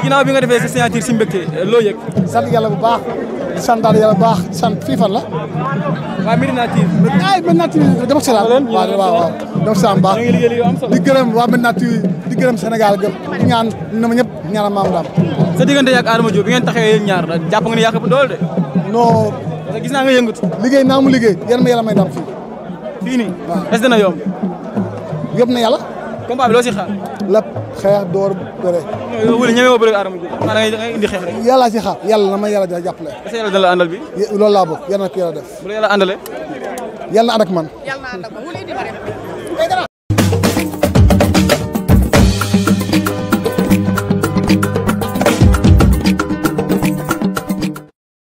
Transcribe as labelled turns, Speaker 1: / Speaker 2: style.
Speaker 1: ginnaaw bi nga defee sa signature si mbégte loo yëg.
Speaker 2: sant bu baax sant yàlla bu baax sant fii fan la. waaw Medina TV. ay Medina TV dama si daal waaw waaw waaw dama si daal bu baax di gërëm waa Medina TV di gërëm Sénégal gëm di ñaan na ñëpp ñaanal maam daam.
Speaker 3: sa diggante ak Adama Diop bi ngeen taxee ñaar la jàpp nga ne yaa ko dool de.
Speaker 2: non. parce gis naa nga yëngatu. liggéey naa mu liggéey yan ma yàlla may daam fii. fii nii. waaw est-ce que na yàlla. combat bi loo si xaar. lépp xeex door bëre. wala ñeme woo bëre aadama ji da ngay indi xeex rek. si xaar yàlla na ma yàlla dina jàppale. est-ce que yàlla dina la àndal bi. loolu laa bëgg yàlla na ko yàlla def. bu la yàlla àndalee. yàlla
Speaker 4: na man.